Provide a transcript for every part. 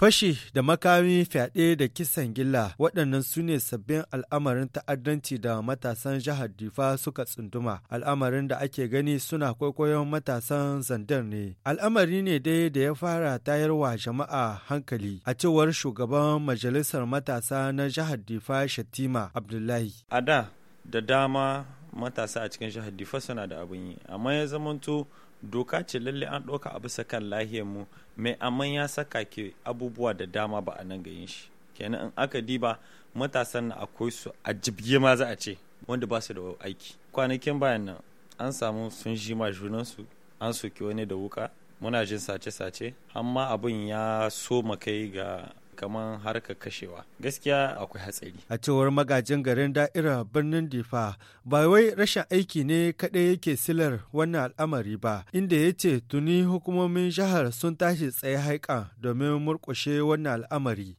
Fashi da makami fyaɗe da kisan gilla waɗannan su ne sabbin al'amarin ta'addanci da matasan jihar Difa suka tsunduma. Al'amarin da ake gani suna kwaikwayon matasan zandar ne. Al'amari ne dai da ya fara tayar wa jama'a hankali a cewar shugaban majalisar matasa na jihar Difa Shatima Abdullahi. A da da dama matasa a cikin jihar difa suna da abin yi amma ya zamanto doka ce lalle an ɗauka a bisa kan lahiyar mu mai amma ya saka ke abubuwa da dama ba a nan ga yin shi kenan in aka diba matasan na akwai su a jibge ma za a ce wanda ba su da aiki kwanakin bayan nan an samu sun ji ma junansu an soki wani da wuka muna jin sace-sace amma abin ya so kai ga kamar harkar kashewa gaskiya akwai hatsari a cewar magajin garin da'ira birnin difa ba wai rashin aiki ne kadai yake silar wannan al'amari ba inda ya ce tuni hukumomin jihar sun tashi tsaye haika domin murkushe wannan al'amari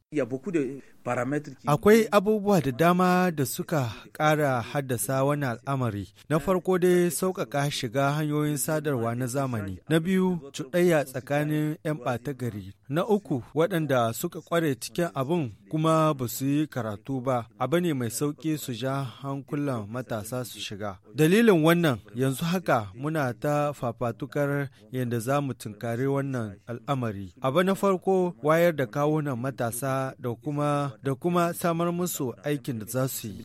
akwai abubuwa da dama da suka ƙara haddasa wannan al'amari na farko dai sauƙaƙa shiga hanyoyin sadarwa na zamani na biyu cuɗayya tsakanin 'yan ɓata gari na uku waɗanda suka ƙware cikin abin kuma ba su yi karatu ba abu ne mai sauƙi su ja hankulan matasa su shiga dalilin wannan yanzu haka muna ta fafatukar yadda za mu tunkari wannan al'amari abu na farko wayar da kawunan matasa da kuma da kuma samar musu aikin da za su yi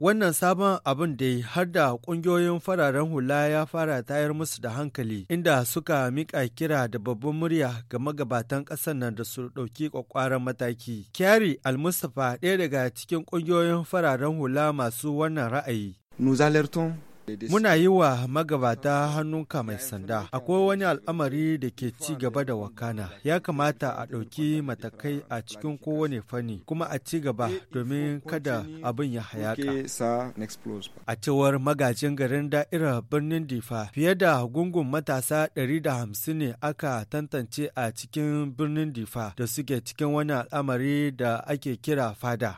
wannan sabon abin da har da ƙungiyoyin fararen hula ya fara tayar musu da hankali inda suka mika kira da babban murya ga magabatan ƙasar nan da su ɗauki kwakwaran mataki. Kyari Almustapha ɗaya daga cikin ƙungiyoyin fararen hula masu wannan ra'ayi. Nous alertons Muna yi wa magabata hannunka mai sanda. Akwai wani al'amari da ke ci gaba da wakana. Ya kamata a ɗauki matakai a cikin kowane fanni kuma a ci gaba domin kada abin ya hayaka. A cewar magajin garin da'irar birnin Difa, fiye da gungun matasa 150 ne aka tantance a cikin birnin Difa da suke cikin wani al'amari da ake kira fada.